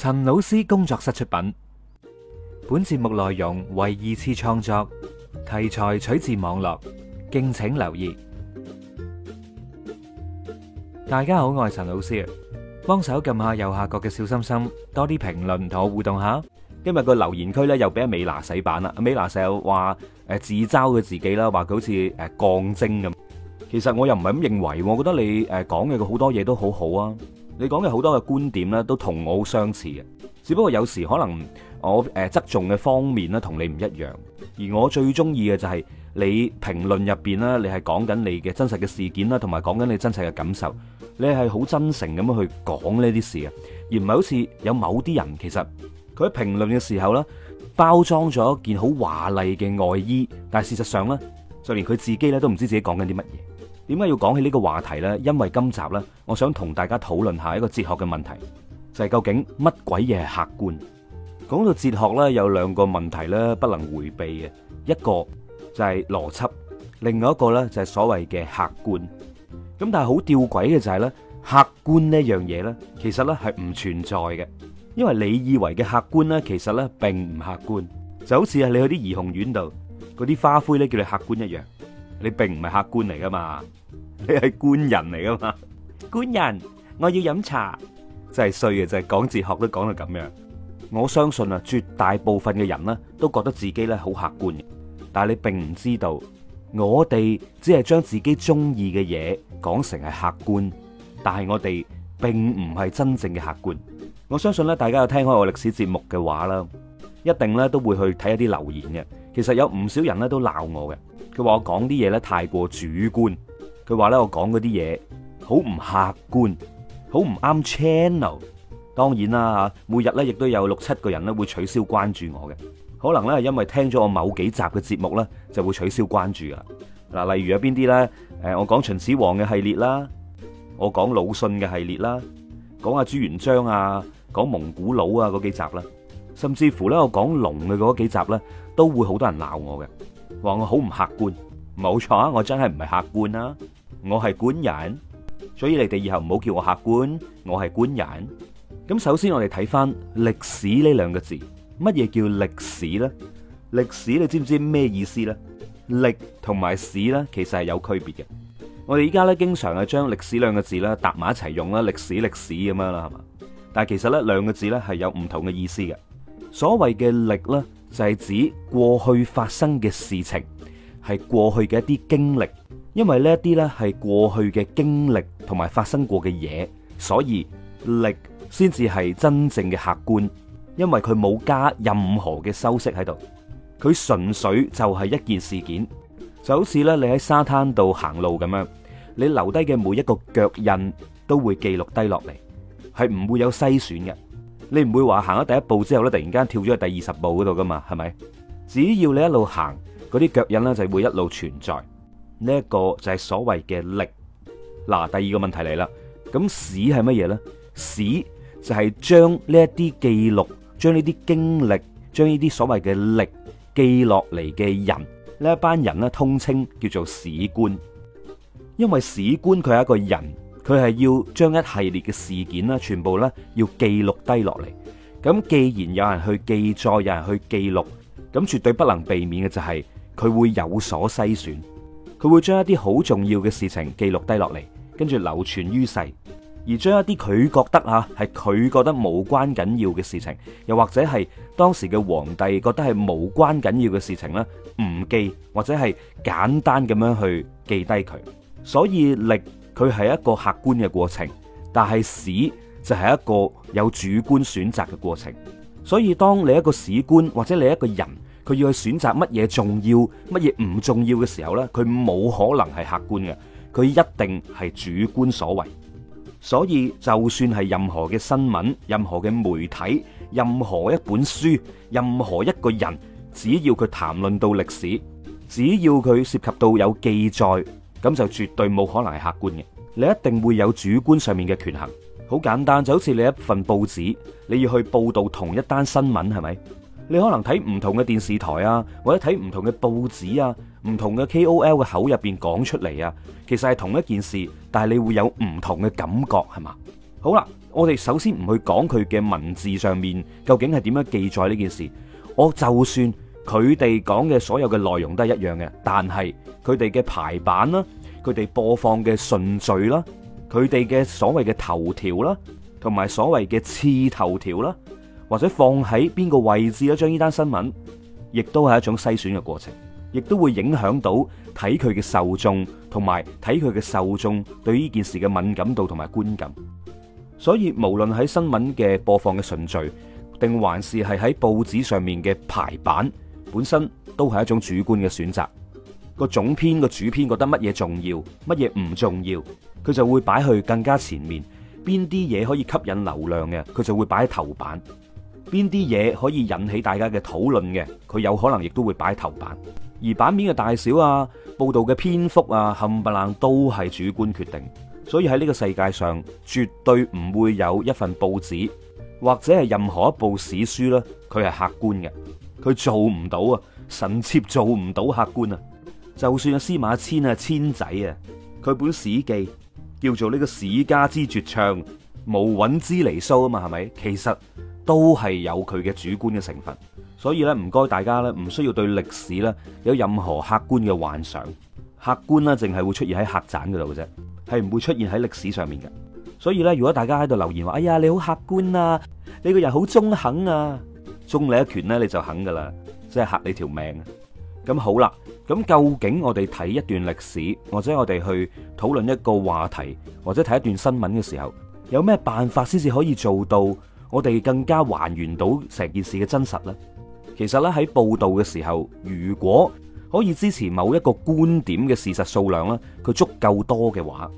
陳老師工作室出品，本節目內容為二次創作，題材取自網絡，敬請留意。大家好，我係陳老師啊，幫手撳下右下角嘅小心心，多啲評論同我互動下。今日個留言區咧又俾阿美娜洗版啦，美娜成日話誒自嘲佢自己啦，話佢好似誒鋼精咁。其實我又唔係咁認為，我覺得你誒講嘅佢好多嘢都好好啊。你講嘅好多嘅觀點咧，都同我好相似嘅，只不過有時可能我誒側重嘅方面咧，同你唔一樣。而我最中意嘅就係你評論入邊咧，你係講緊你嘅真實嘅事件啦，同埋講緊你真實嘅感受。你係好真誠咁樣去講呢啲事嘅，而唔係好似有某啲人其實佢喺評論嘅時候咧，包裝咗一件好華麗嘅外衣，但係事實上呢就連佢自己咧都唔知自己講緊啲乜嘢。點解要講起呢個話題呢？因為今集呢，我想同大家討論下一個哲學嘅問題，就係究竟乜鬼嘢係客觀？講到哲學呢，有兩個問題呢不能回避嘅，一個就係邏輯，另外一個呢就係所謂嘅客觀。咁但係好吊詭嘅就係呢，客觀呢樣嘢呢，其實呢係唔存在嘅，因為你以為嘅客觀呢，其實呢並唔客觀，就好似啊你去啲怡紅院度嗰啲花灰呢，叫你客觀一樣。你並唔係客觀嚟噶嘛？你係官人嚟噶嘛？官人，我要飲茶，真係衰嘅，就係講哲學都講到咁樣。我相信啊，絕大部分嘅人呢都覺得自己呢好客觀嘅，但係你並唔知道，我哋只係將自己中意嘅嘢講成係客觀，但係我哋並唔係真正嘅客觀。我相信咧，大家有聽開我歷史節目嘅話啦，一定咧都會去睇一啲留言嘅。其實有唔少人咧都鬧我嘅。佢話我講啲嘢咧太過主觀，佢話咧我講嗰啲嘢好唔客觀，好唔啱 channel。當然啦，每日咧亦都有六七個人咧會取消關注我嘅，可能咧因為聽咗我某幾集嘅節目咧就會取消關注㗎。嗱，例如有邊啲咧？誒，我講秦始皇嘅系列啦，我講魯迅嘅系列啦，講阿朱元璋啊，講蒙古佬啊嗰幾集啦，甚至乎咧我講龍嘅嗰幾集咧都會好多人鬧我嘅。話我好唔客觀，冇錯啊！我真係唔係客觀啦，我係官人，所以你哋以後唔好叫我客觀，我係官人。咁首先我哋睇翻歷史呢兩個字，乜嘢叫歷史呢？歷史你知唔知咩意思呢？歷同埋史呢，其實係有區別嘅。我哋依家呢經常係將歷史兩個字呢搭埋一齊用啦，歷史歷史咁樣啦，係嘛？但係其實呢兩個字呢係有唔同嘅意思嘅。所謂嘅歷呢。就係指過去發生嘅事情，係過去嘅一啲經歷，因為呢一啲咧係過去嘅經歷同埋發生過嘅嘢，所以力先至係真正嘅客觀，因為佢冇加任何嘅修飾喺度，佢純粹就係一件事件，就好似咧你喺沙灘度行路咁樣，你留低嘅每一個腳印都會記錄低落嚟，係唔會有篩選嘅。你唔會話行咗第一步之後咧，突然間跳咗去第二十步嗰度噶嘛？係咪？只要你一路行，嗰啲腳印咧就會一路存在。呢一個就係所謂嘅力。嗱，第二個問題嚟啦。咁史係乜嘢呢？史就係將呢一啲記錄、將呢啲經歷、將呢啲所謂嘅歷記落嚟嘅人，呢一班人呢，通稱叫做史官。因為史官佢係一個人。佢係要將一系列嘅事件啦，全部咧要記錄低落嚟。咁既然有人去記載，有人去記錄，咁絕對不能避免嘅就係佢會有所篩選，佢會將一啲好重要嘅事情記錄低落嚟，跟住流傳於世，而將一啲佢覺得吓係佢覺得無關緊要嘅事情，又或者係當時嘅皇帝覺得係無關緊要嘅事情咧，唔記或者係簡單咁樣去記低佢。所以歷。佢係一個客觀嘅過程，但係史就係一個有主觀選擇嘅過程。所以當你一個史官或者你一個人，佢要去選擇乜嘢重要、乜嘢唔重要嘅時候咧，佢冇可能係客觀嘅，佢一定係主觀所為。所以就算係任何嘅新聞、任何嘅媒體、任何一本書、任何一個人，只要佢談論到歷史，只要佢涉及到有記載，咁就絕對冇可能係客觀嘅。你一定會有主觀上面嘅權衡，好簡單，就好似你一份報紙，你要去報導同一單新聞，係咪？你可能睇唔同嘅電視台啊，或者睇唔同嘅報紙啊，唔同嘅 KOL 嘅口入邊講出嚟啊，其實係同一件事，但係你會有唔同嘅感覺，係嘛？好啦，我哋首先唔去講佢嘅文字上面究竟係點樣記載呢件事，我就算佢哋講嘅所有嘅內容都係一樣嘅，但係佢哋嘅排版啦，佢哋播放嘅順序啦，佢哋嘅所謂嘅頭條啦，同埋所謂嘅次頭條啦，或者放喺邊個位置啦，將呢單新聞亦都係一種篩選嘅過程，亦都會影響到睇佢嘅受眾，同埋睇佢嘅受眾對呢件事嘅敏感度同埋觀感。所以無論喺新聞嘅播放嘅順序，定還是係喺報紙上面嘅排版，本身都係一種主觀嘅選擇。個總編個主編覺得乜嘢重要，乜嘢唔重要，佢就會擺去更加前面。邊啲嘢可以吸引流量嘅，佢就會擺喺頭版；邊啲嘢可以引起大家嘅討論嘅，佢有可能亦都會擺喺頭版。而版面嘅大小啊，報道嘅篇幅啊，冚唪唥都係主觀決定。所以喺呢個世界上，絕對唔會有一份報紙或者係任何一部史書啦，佢係客觀嘅，佢做唔到啊！神妾做唔到客觀啊！就算有司馬遷啊、遷仔啊，佢本史記叫做呢個史家之絕唱、無韻之離騷啊嘛，係咪？其實都係有佢嘅主觀嘅成分，所以咧唔該大家咧，唔需要對歷史咧有任何客觀嘅幻想，客觀咧淨係會出現喺客棧嗰度嘅啫，係唔會出現喺歷史上面嘅。所以咧，如果大家喺度留言話，哎呀你好客觀啊，你個人好中肯啊，中你一拳咧你就肯噶啦，真係吓你條命咁好啦，咁究竟我哋睇一段歷史，或者我哋去討論一個話題，或者睇一段新聞嘅時候，有咩辦法先至可以做到我哋更加還原到成件事嘅真實呢？其實呢，喺報道嘅時候，如果可以支持某一個觀點嘅事實數量呢，佢足夠多嘅話，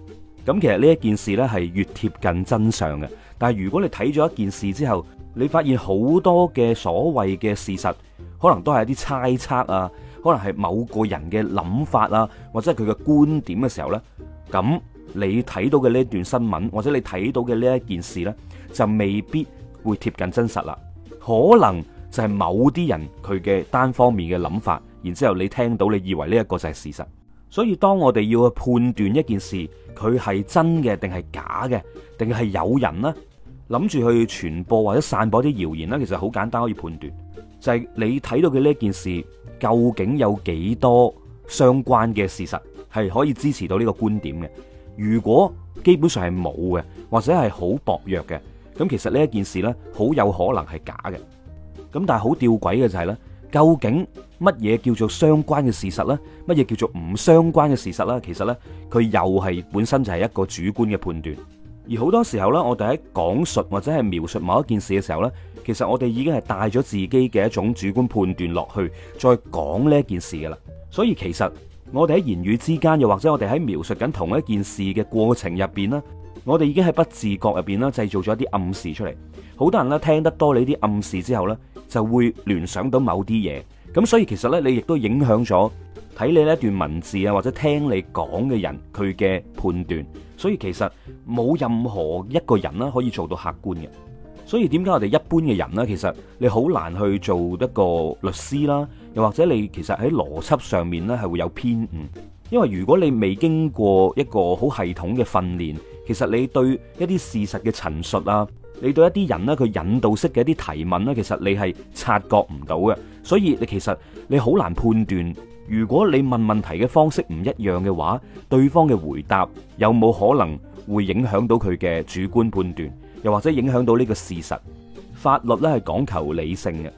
咁其實呢一件事呢係越貼近真相嘅。但係如果你睇咗一件事之後，你發現好多嘅所謂嘅事實，可能都係啲猜測啊。可能係某個人嘅諗法啊，或者係佢嘅觀點嘅時候呢，咁你睇到嘅呢段新聞，或者你睇到嘅呢一件事呢，就未必會貼近真實啦。可能就係某啲人佢嘅單方面嘅諗法，然之後你聽到你以為呢一個就係事實。所以當我哋要去判斷一件事，佢係真嘅定係假嘅，定係有人呢，諗住去傳播或者散播啲謠言呢，其實好簡單可以判斷。就係你睇到嘅呢件事，究竟有幾多相關嘅事實係可以支持到呢個觀點嘅？如果基本上係冇嘅，或者係好薄弱嘅，咁其實呢一件事呢，好有可能係假嘅。咁但係好吊詭嘅就係呢：究竟乜嘢叫做相關嘅事實呢？乜嘢叫做唔相關嘅事實呢？其實呢，佢又係本身就係一個主觀嘅判斷。而好多時候呢，我哋喺講述或者係描述某一件事嘅時候呢。其實我哋已經係帶咗自己嘅一種主觀判斷落去，再講呢件事噶啦。所以其實我哋喺言語之間，又或者我哋喺描述緊同一件事嘅過程入邊啦，我哋已經喺不自覺入邊啦，製造咗一啲暗示出嚟。好多人咧聽得多你啲暗示之後咧，就會聯想到某啲嘢。咁所以其實咧，你亦都影響咗睇你呢一段文字啊，或者聽你講嘅人佢嘅判斷。所以其實冇任何一個人啦，可以做到客觀嘅。所以點解我哋一般嘅人呢？其實你好難去做一個律師啦，又或者你其實喺邏輯上面呢係會有偏誤，因為如果你未經過一個好系統嘅訓練，其實你對一啲事實嘅陳述啊，你對一啲人呢，佢引導式嘅一啲提問呢，其實你係察覺唔到嘅，所以你其實你好難判斷，如果你問問題嘅方式唔一樣嘅話，對方嘅回答有冇可能會影響到佢嘅主觀判斷？又或者影響到呢個事實，法律呢係講求理性嘅，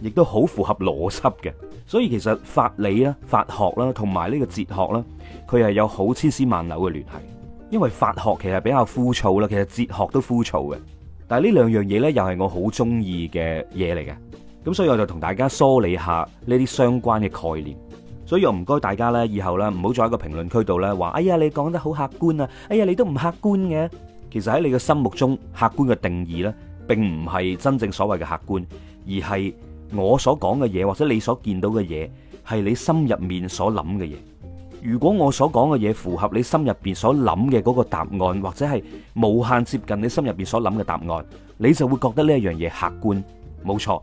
亦都好符合邏輯嘅。所以其實法理啊、法學啦，同埋呢個哲學啦，佢係有好千絲萬縷嘅聯繫。因為法學其實比較枯燥啦，其實哲學都枯燥嘅。但係呢兩樣嘢呢，又係我好中意嘅嘢嚟嘅。咁所以我就同大家梳理下呢啲相關嘅概念。所以我唔該大家呢，以後呢唔好再喺個評論區度呢話：哎呀，你講得好客觀啊！哎呀，你都唔客觀嘅。其實喺你嘅心目中，客觀嘅定義呢，並唔係真正所謂嘅客觀，而係我所講嘅嘢，或者你所見到嘅嘢，係你心入面所諗嘅嘢。如果我所講嘅嘢符合你心入邊所諗嘅嗰個答案，或者係無限接近你心入邊所諗嘅答案，你就會覺得呢一樣嘢客觀。冇錯，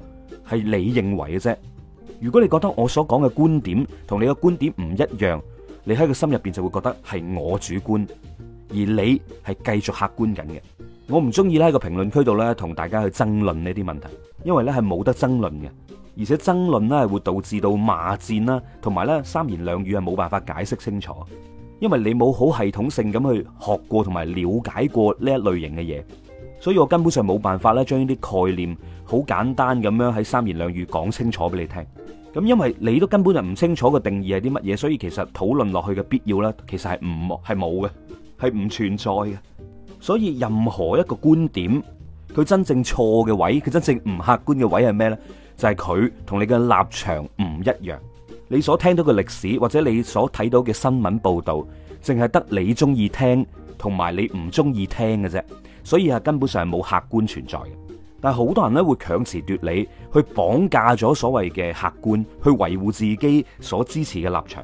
係你認為嘅啫。如果你覺得我所講嘅觀點同你嘅觀點唔一樣，你喺個心入邊就會覺得係我主觀。而你係繼續客觀緊嘅，我唔中意咧喺個評論區度咧同大家去爭論呢啲問題，因為呢係冇得爭論嘅，而且爭論呢，係會導致到罵戰啦，同埋呢三言兩語係冇辦法解釋清楚，因為你冇好系統性咁去學過同埋了解過呢一類型嘅嘢，所以我根本上冇辦法呢將呢啲概念好簡單咁樣喺三言兩語講清楚俾你聽。咁因為你都根本就唔清楚個定義係啲乜嘢，所以其實討論落去嘅必要呢，其實係唔係冇嘅。係唔存在嘅，所以任何一個觀點，佢真正錯嘅位，佢真正唔客觀嘅位係咩呢？就係佢同你嘅立場唔一樣，你所聽到嘅歷史或者你所睇到嘅新聞報道，淨係得你中意聽，同埋你唔中意聽嘅啫，所以係，根本上冇客觀存在嘅。但係好多人呢會強詞奪理，去綁架咗所謂嘅客觀，去維護自己所支持嘅立場。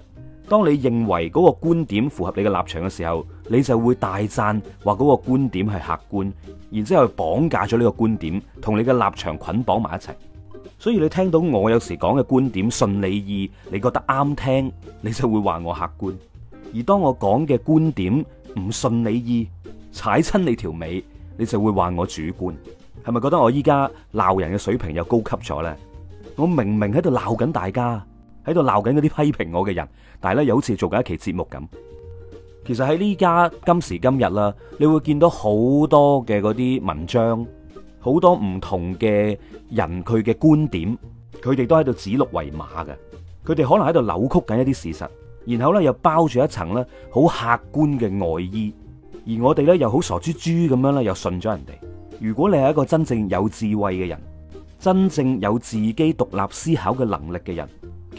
當你認為嗰個觀點符合你嘅立場嘅時候，你就會大讚話嗰個觀點係客觀，然之後綁架咗呢個觀點同你嘅立場捆綁埋一齊。所以你聽到我有時講嘅觀點順你意，你覺得啱聽，你就會話我客觀；而當我講嘅觀點唔順你意，踩親你條尾，你就會話我主觀。係咪覺得我依家鬧人嘅水平又高級咗呢？我明明喺度鬧緊大家。喺度鬧緊嗰啲批評我嘅人，但係咧又好似做緊一期節目咁。其實喺呢家今時今日啦，你會見到好多嘅嗰啲文章，好多唔同嘅人佢嘅觀點，佢哋都喺度指鹿為馬嘅，佢哋可能喺度扭曲緊一啲事實，然後呢，又包住一層咧好客觀嘅外衣，而我哋呢，又好傻豬豬咁樣呢又信咗人哋。如果你係一個真正有智慧嘅人，真正有自己獨立思考嘅能力嘅人。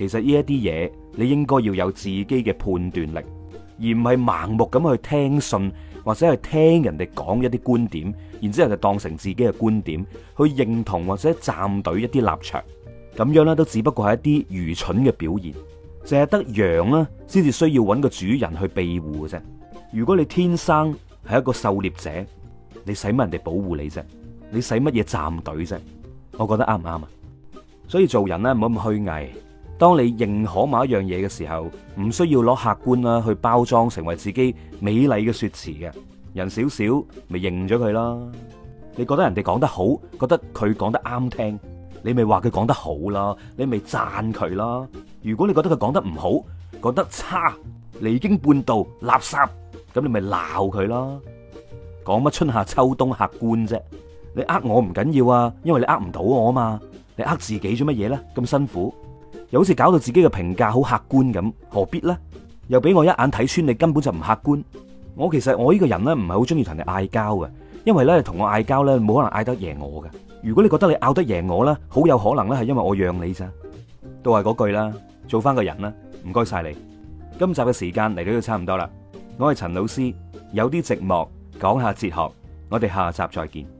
其實呢一啲嘢，你應該要有自己嘅判斷力，而唔係盲目咁去聽信或者係聽人哋講一啲觀點，然之後就當成自己嘅觀點去認同或者站隊一啲立場，咁樣咧都只不過係一啲愚蠢嘅表現。淨係得羊啦，先至需要搵個主人去庇護嘅啫。如果你天生係一個狩獵者，你使乜人哋保護你啫？你使乜嘢站隊啫？我覺得啱唔啱啊？所以做人呢，唔好咁虛偽。當你認可某一樣嘢嘅時候，唔需要攞客觀啦去包裝成為自己美麗嘅說辭嘅。人少少咪認咗佢啦。你覺得人哋講得好，覺得佢講得啱聽，你咪話佢講得好啦，你咪贊佢啦。如果你覺得佢講得唔好，覺得差，離經叛道，垃圾，咁你咪鬧佢啦。講乜春夏秋冬客觀啫？你呃我唔緊要啊，因為你呃唔到我啊嘛。你呃自己做乜嘢呢？咁辛苦。又好似搞到自己嘅評價好客觀咁，何必呢？又俾我一眼睇穿你根本就唔客觀。我其實我呢個人呢，唔係好鍾意同你嗌交嘅，因為呢，同我嗌交呢，冇可能嗌得贏我嘅。如果你覺得你拗得贏我呢，好有可能呢，係因為我讓你咋。都係嗰句啦，做返個人啦，唔該晒你。今集嘅時間嚟到都差唔多啦，我係陳老師，有啲寂寞，講下哲學，我哋下集再見。